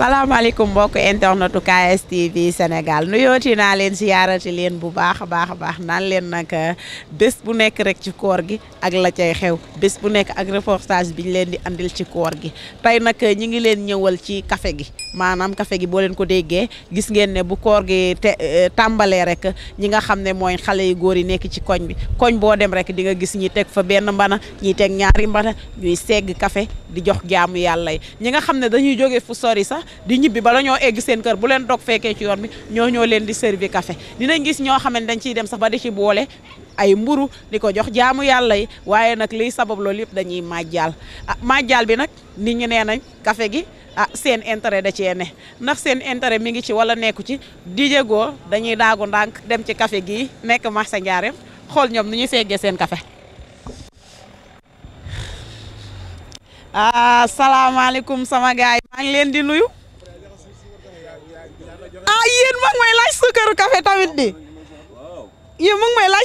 salaamaaleykum mbokk internetu KSTV Sénégal nuyooti naa leen siyaarati leen bu baax a baax a baax naan leen nag euh, bés bu nekk rek ci koor gi ak la cay xew bés bu nekk ak reportage bi ñu leen di andil ci koor gi tey nag euh, ñu ngi leen ñëwal ci kafe gi maanaam kafe gi boo leen ko déggee gis ngeen ne bu koor gi te euh, tàmbalee rek ñi nga xam ne mooy xale yu góor yi nekk ci koñ bi koñ boo dem rek di nga gis ñi teg fa benn mbana ñi teg ñaari mbana ñuy segg café di jox jaamu yàlla yi ñi nga xam ne dañuy jóge fu sori sax di ñibbi bala ñoo egg seen kër bu leen dog fekkee ci yoon bi ñoo ñoo leen di servi café dinañ gis ñoo xam ne dañ ciy dem sax ba di ci boole ay mburu di ko jox jaamu yàlla yi waaye nag liy sabab loolu yëpp dañuy màjjaal a ah, màjjaal bi nag nit ñi nee nañ café gi a ah, seen intérêt da cee ne ndax seen intérêt mi ngi ci wala nekku ci di jégoo dañuy daagu ndànk dem ci kafe gi nekk marché Njaareem xool ñoom nu ñuy seggee seen café asalaamaaleykum ah, sama gaay maa ngi leen di nuyu suukaru café tamit di yow mu ngi may laaj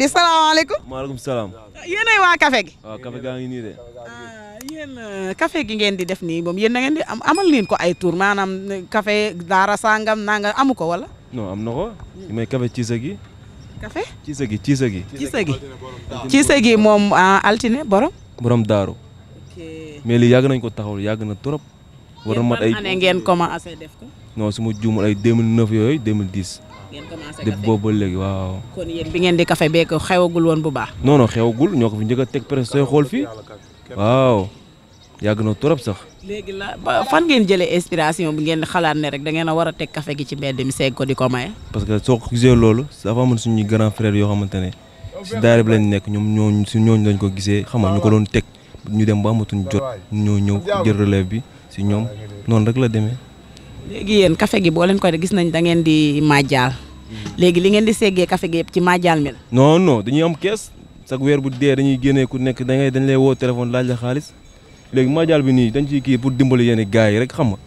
di salaamaaleykum. maaleykum salaam. yéenay waa café gi. waaw café gaa ngi nii ah, euh, ngeen di def nii moom yéen na ngeen di am amal leen ko ay tour maanaam euh, café daara sangam nanga amu ko wala. non am na ko. li may café ciisa gi. café ciisa gi moom euh, altine borom. borom daaru. mais lii yàgg nañ ko taxawul yàgg na trop. war na mat ay année ngeen commencé def ko. non su ma juumul ay 2009 yooyu 2010. ngeen commencé def boobu ba léegi waaw. kon bi ngeen di kafe bee ko xewagul woon bu baax. non non xewagul ñoo ko fi njëkk teg presque sooy xool fii waaw yàgg na trop sax. léegi la fan ngeen jëlee inspiration bi ngeen xalaat ne rek da ngeen a war a teg café gi ci mbedd mi seeg ko di ko maye. parce que soo ko gisee loolu dafa amoon suñuy grand frère yoo xamante ne si daara bi lañ nekk ñoom ñooñu si ñooñu lañ ko gisee xam nga ñu ko doon teg ñu dem ba amatuñ jot ñoo ñëw jël relève bi. si ñoom noonu rek la demee. léegi yéen kafe gi boo leen koy gis nañ da ngeen di màjjaal léegi li ngeen di seggee café gi yëpp ci màjjaal mi la. non non dañuy am kees chaque weer bu dee dañuy génnee ku nekk da dañ lay woo téléphone laaj la xaalis léegi màjjaal bi nii dañ ciy kii pour dimbali yéen gars yi rek xam nga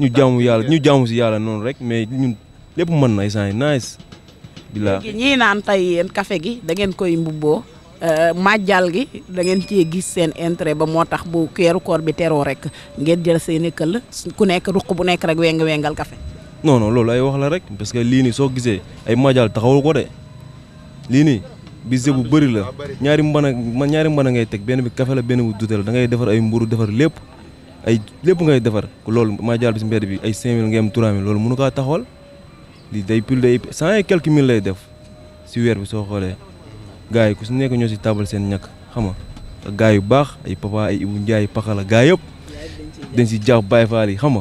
ñu jaamu yàlla ñu jaamu si yàlla noonu rek mais ñun lépp mën na instant yi nice. bilaa léegi ñii naan tey gi da ngeen koy mbubboo Euh, màjjal gi da ngeen cee gis seen intérêt ba moo tax bu keeru koor bi teroo rek ngee jël seen i ku nekk ruq bu nekk rek weng wengal kafe. non non loolu ay wax la rek parce que lii nii soo gisee ay màjjal taxawul ko de lii nii bise bu bëri la ñaari mbana man ñaari mbana ngay teg benn bi kafe la benn bu dute la da ngay defar ay mburu defar lépp ay lépp ngay defar loolu màjjal bi si bi ay 5000 ngay am 3000 loolu mënu kaa taxawal lii day plus day cent et quelques mille lay def si weer bi soo xoolee. gars yi ku si nekk ñoo si tabal seen ñàkk xam nga ak yu baax ay papa ay Ibou Ndiaye Pakala gars yëpp dañ si jàpp Baye Fall yi xam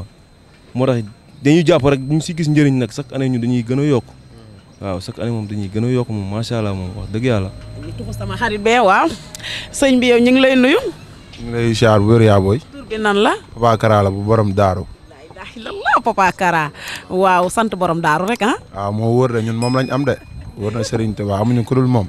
moo tax dañu jàpp rek ñu si gis njëriñ nag chaque année ñu dañuy gën a yokk waaw chaque année moom dañuy gën a yokk moom macha allah moom wax dëgg yàlla. ñu tuxu sama xarit bee bi yow ñu ngi lay nuyu. ñu ngi lay ziar bu wér yaa booy. la. Papa Kara la bu borom daaru. alhamdulilah Papa Kara waaw sant borom daaru rek ah. waaw moo wóor de ñun moom lañ am de wóor na Serigne Touba amuñu ku dul moom.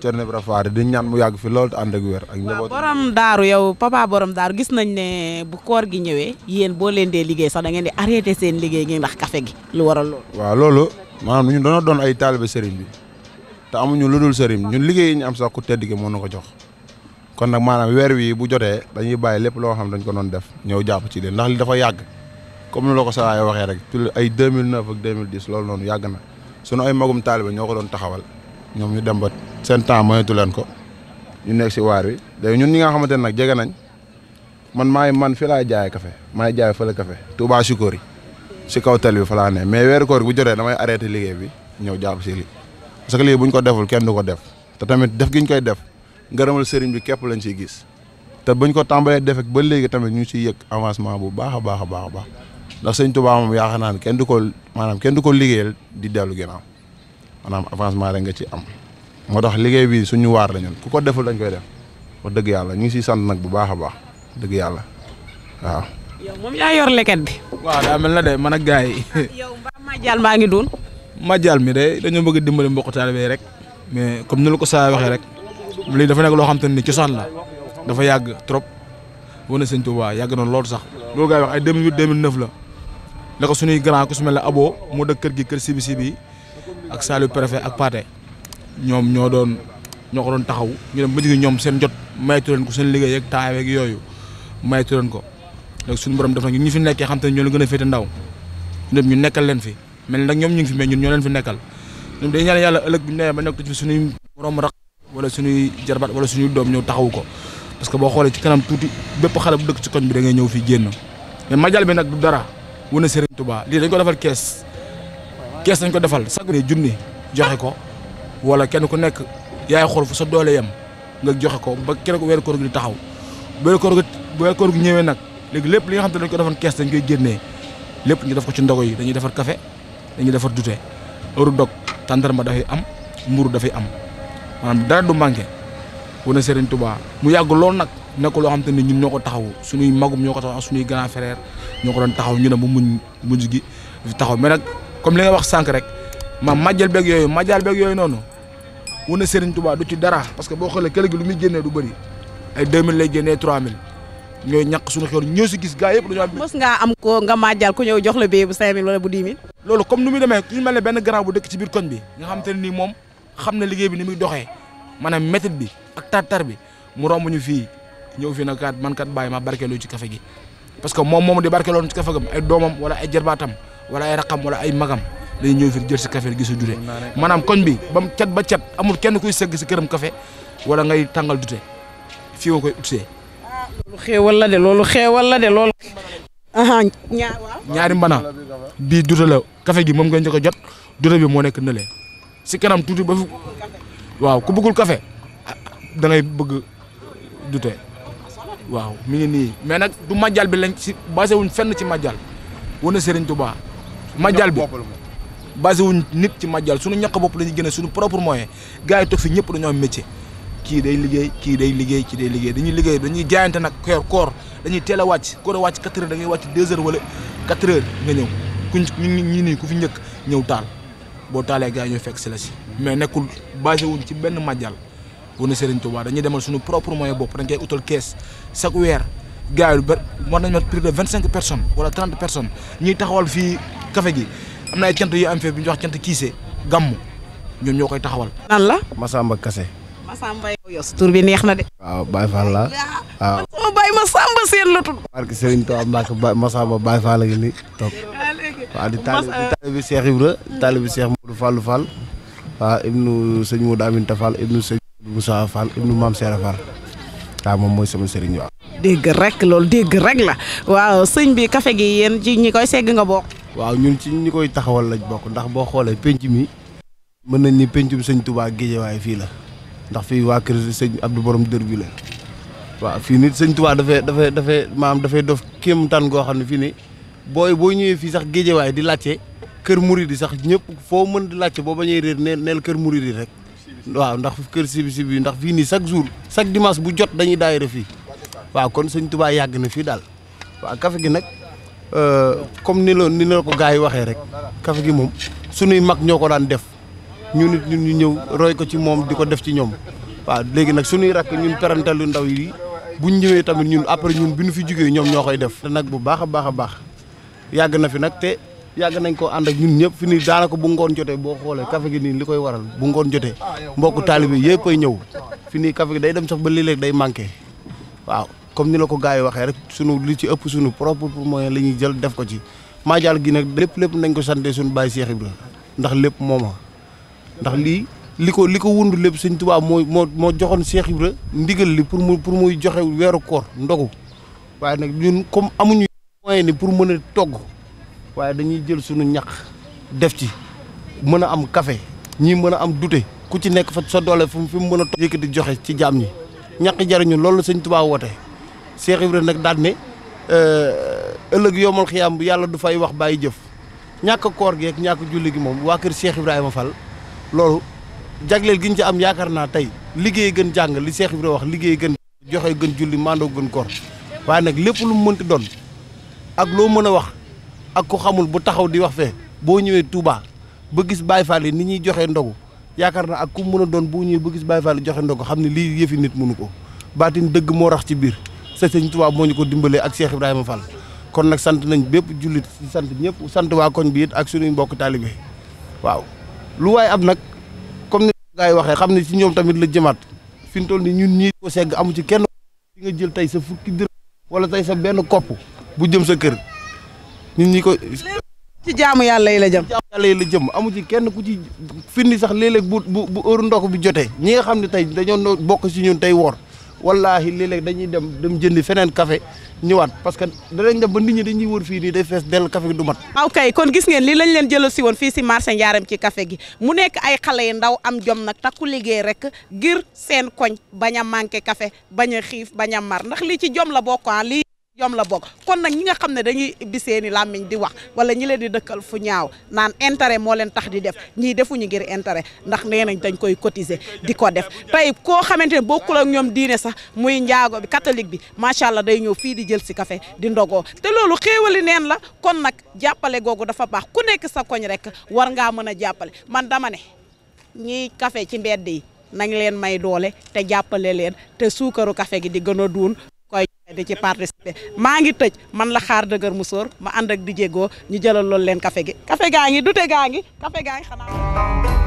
Cerno Ibra Faal di ñaan mu yàgg fi loolu te ànd ak wér ak njaboot borom daaru yow papa borom daaru gis nañ ne bu koor gi ñëwee yéen boo leen dee liggéey sax da ngeen di arrêté seen liggéey ngi ndax café gi lu waral loolu waaw loolu maanaam ñun dañoo doon ay taalibe sëriñ bi te amuñu lu dul sëriñ ñun liggéey yi ñu am sax ku tedd gi moo na ko jox kon nag maanaam weer wi bu jotee dañuy bàyyi lépp loo xam dañ ko doon def ñëw jàpp ci leen ndax li dafa yàgg comme ni la ko waxee rek ay yàgg na sunu ay magum taalibe ñoo ko doon taxawal ñoom ñu dem ba seen temps moytu leen ko ñu nekk si waar wi léegi ñun ñi nga xamante ne nag jege nañ man maay man filaa laay kafe café maay jaay fële café Touba Sikoor yi si kaw tel bi fa laa ne mais weeru koor bu jotee damay arrêté liggéey bi ñëw jàpp si lii parce que bu ñu ko deful kenn du ko def te tamit def giñ koy def ngërëmal sëriñ bi képp lañ siy gis te buñ ko tàmbalee def ba léegi tamit ñu ngi siy yëg avancement bu baax baax a baax a baax ndax sëñ Touba moom yaakaar naa ne kenn du ko maanaam kenn du ko liggéeyal di dellu ginnaaw maanaam avancement rek nga ci am moo tax liggéey bi suñu waar la ñun ku ko deful dañ koy def oo dëgg yàlla ñu ngi siy sant nag bu baax a baax dëgg yàlla waaw. yow moom yaa yor leket bi. waaw daa na de man ak gars yi. yow mbaa Madial maa ngi doon. Madial mi de dañoo bëgg dimbali mbokk taalibe rek mais comme ni la ko saa waxee rek lii dafa nekk loo xam te ne cosaan la dafa yàgg trop wane sëñ Tuubaa yàgg na loolu sax loolu gars yi wax ay 2008 la la ko suñuy grand ku su mel ne Abo mu dëkk kër gi kër Sibi Sibi ak Saliou préfet ak Pathé ñoom ñoo doon ñoo ko doon taxaw ñu ba ñoom seen jot maytu leen ko seen liggéey ak temps ak yooyu maytu leen ko donc suñu borom def na ñun ñu fi nekkee xam te ne ñoo a féete ndaw ñun ñu nekkal leen fi mel nag ñoom ñu ngi fi mais ñun ñoo leen fi nekkal ñun day ñaan yàlla ëllëg bu ñu nee ba nekk ci suñuy borom raq wala suñuy jarbaat wala suñuy doom ñëw taxawu ko parce que boo xoolee ci kanam tuuti bépp xale bu dëkk ci koñ bi da ngay ñëw fii génn mais majal bi nag du dara wane Serigne Touba lii dañ ko defal kees kees nañ ko defal chaque junni joxe ko wala kenn ku nekk yaay xool fu sa doole yam nga joxe ko ba kenn ku weer koor gi di taxaw weer koor gi weer koor gi ñëwee nag léegi lépp li nga xam te dañ ko defoon kees dañ koy génnee lépp ñu def ko ci ndogo yi dañuy defar kafe dañuy defar dute heure dog ma dafay am mburu dafay am maanaam dara du manqué wane Serigne Touba mu yàgg lool nag nekk loo xam te ne ñun ñoo ko taxawu suñuy magum ñoo ko taxaw ak suñuy grand frère ñoo ko doon taxaw ñu ne mu muñ mujj gi taxaw mais comme li nga wax sànq rek maam majjal beeg yooyu majjaal beeg yooyu noonu wane Serigne Touba du ci dara parce que boo xoolee kër gi lu muy génnee du bëri ay 2000 lay génnee 3000 ñooy ñàkk suñu xew ñoo si gis gars yëpp dañoo am. mos ngaa am ko nga majjal ku ñëw jox la bee bu 5000 wala bu 10 loolu comme nu muy demee ku ñu mel ne benn grand bu dëkk ci biir koñ bi nga xam te nii moom xam na liggéey bi ni muy doxee maanaam méthode bi ak tartar bi mu romb ñu fii ñëw fii nag kat man kat bàyyi ma barkeeloo ci café gi parce que moom moomu di barkeeloon ci café gam ay doomam wala ay wala ay raqam wala ay magam day ñëw fi jël si café gi sa dute maanaam koñ bi ba mu cat ba cat amul kenn kuy segg si këram kafe wala ngay tàngal dute fii nga koy utsee. xeewal la de loolu xeewal la de loolu. ñaari mbana bii dute la kafe ji moom nga njëkk a jot dute bi moo nekk nële si kanam tuuti ba fi waaw ku bëggul kafe da ngay bëgg dute waaw mi ngi nii mais nag du majjal bi lañ si basé wuñ fenn ci majjal wane Serigne ba majjal bi basé wuñ nit ci majjal suñu ñaq bopp lañuy génne suñu propre moyen gars yi toog fi dañoo am kii day liggéey kii day liggéey kii day liggéey dañuy liggéey dañuy jaayante nag koor koor dañuy teel a wàcc koor a wàcc quatre heures da ngay wàcc deux heures wala quatre heures nga ñëw kuñ ñi fi njëkk ñëw taal boo taalee gars yi fekk si la si mais nekkul basé wuñ ci benn majjal wala Serigne Touba dañuy demal suñu propre moyen bopp dañ koy utal kees chaque weer gars yi ba war nañ mat de vingt cinq personnes wala trente personnes ñuy taxawal fii café gi am na ay cant yu am fee bu ñuy wax cant kiise gàmmu ñoom ñoo koy taxawal. nan la. Massamba Kassé. Massamba bi neex na de. waaw Baye Fall la waaw. sama Baye Massamba seen la tudd. barke Serigne Touba Mbacke Baye moom mooy sama sëriñ waaw. dégg rek loolu dégg rek la waaw sëñ bi café gi yéen ci ñi koy segg nga bokk. waaw ñun ci ñu koy taxawal lañ bokk ndax boo xoolee penc mi mën nañ ni pencum sëñ Touba Guédiawaye fii la ndax fii waa kër sëñ Abdou Borom dër bi la waaw fii nit sëñ Touba dafay dafay dafay maam dafay dof kéemtaan goo xam ne fii ne booy boo ñëwee fii sax Guédiawaye di laajte kër Mouride sax ñëpp foo mën di laajte boo bañee réer neel neel kër Mouride rek waaw ndax kër sibi sibi ndax fii nii chaque jour chaque dimanche bu jot dañuy daayira fii waaw kon sëñ Touba yàgg na fii daal waa café gi nag Euh, comme ni la ni la ko gars yi waxee rek café gi moom suñuy mag ñoo ko daan def ñu nit ñun ñu ñëw roy ko ci moom di ko def ci ñoom waaw léegi nag suñuy rakk ñun parental yu ndaw yi buñ ñëwee tamit ñun après ñun bi ñu fi jógee ñoom ñoo koy def. te nag bu baax a baax a baax yàgg na fi nag te yàgg nañ ko ànd ak ñun ñëpp fi ni daanaka bu ngoon jotee boo xoolee café gi nii li koy waral bu ngoon jotee mbokku taalibe yëpp ay ñëw fi nuy café gi day dem sax ba léeg day manqué waaw. comme ni la ko gars yi waxee rek sunu li ci ëpp sunu propre moyen la ñuy jël def ko ci maajaal gi nag lépp lépp nañ ko sante suñu Baye Cheikh Ibra ndax lépp mooma ndax lii li ko li ko wund lépp Sëñ Tuubaa moo moo moo joxoon Cheikh rek ndigal li pour mu pour muy joxe weeru koor ndogu waaye nag ñun comme amuñu moyen ni pour mën a togg waaye dañuy jël sunu ñax def ci mën a am kafe ñii mën a am dute ku ci nekk fa sa doole fu fi mu mën a yëkkati joxe ci jaam ñi ñaq jariñu loolu Sëñ Tuubaa woote Cheikh Ibrahima nag daal ne euh, ëllëg yomal xiyaam bu yàlla du fay wax bàyyi jëf ñàkk koor gi ak ñàkk julli gi moom waa kër Cheikh Ibrahima Fall loolu jagleel gi ñu ci am yaakaar naa tey liggéey gën jàng li Cheikh Ibrahima wax liggéey gën joxe gën julli maandoo gën koor waaye nag lépp lu mu mënti doon ak loo mën a wax ak ku xamul bu taxaw di wax fee boo ñëwee Touba ba gis baay Fall yi ni ñuy joxe ndogu yaakaar naa ak ku mën a doon boo ñëwee ba gis baay Fall yi joxe ndogu xam ne lii yëfi nit mënu ko baatin dëgg moo rax ci biir sa sëñ Tuubaa moo ñu ko dimbalee ak Cheikh Ibrahima Fall kon nag sant nañ bépp jullit sant ñëpp sant waa koñ bi it ak suñuy mbokk taalibe waaw lu waaye am nag comme ni gars waxee xam ne si ñoom tamit la jëmaat fi mu toll ni ñun ñii ko segg amu ci kenn fi nga jël tey sa fukki wala tey benn kopp bu jëm sa kër ñun ñi ko ci jaamu yàlla yi la jëm jaamu yàlla yi la jëm amu ci kenn ku ci firndi sax léeg-léeg bu bu heure ndox bi jotee ñi nga xam ne tey dañoo bokk ci ñun tey woor wallaahi léeg-léeg dañuy dem dem jëndi feneen café ñëwaat parce que danañ dem ba nit ñi dañuy wër fii nii day fees dell café gi du mat ah, kon gis ngeen li lañ leen jëlal si woon fii si marché Ndiarème ci café gi mu nekk ay xale yu ndaw am jom nag takku liggéey rek ngir seen koñ bañ a manqué café bañ xiif bañ a mar ndax lii ci jom la bokka ah, lii yom la bokk kon nag ñi nga xam ne dañuy ibbi seeni làmmiñ di wax wala ñi leen di dëkkal fu ñaaw naan intérêt moo leen tax di def ñii defuñu ngir intérêt ndax nee nañ dañ koy cotiser di ko def tey koo xamante ne bokkul ak ñoom diine sax muy njaago bi catholique bi macha allah day ñëw fii di jël si café di ndogoo te loolu xéewali neen la kon nag jàppale googu dafa baax ku nekk sa koñ rek war ngaa mën a jàppale man dama ne ñiy café ci mbedd yi nañ leen may doole te jàppale leen te suukaru café gi di gën a duun di ci participer maa ngi tëj man la xaar dëgër musóor ma ànd ak di jéegoo ñu jëlal loolu leen kafe gi café gaa ngi dute gaa ngi café gaa ngi xanaa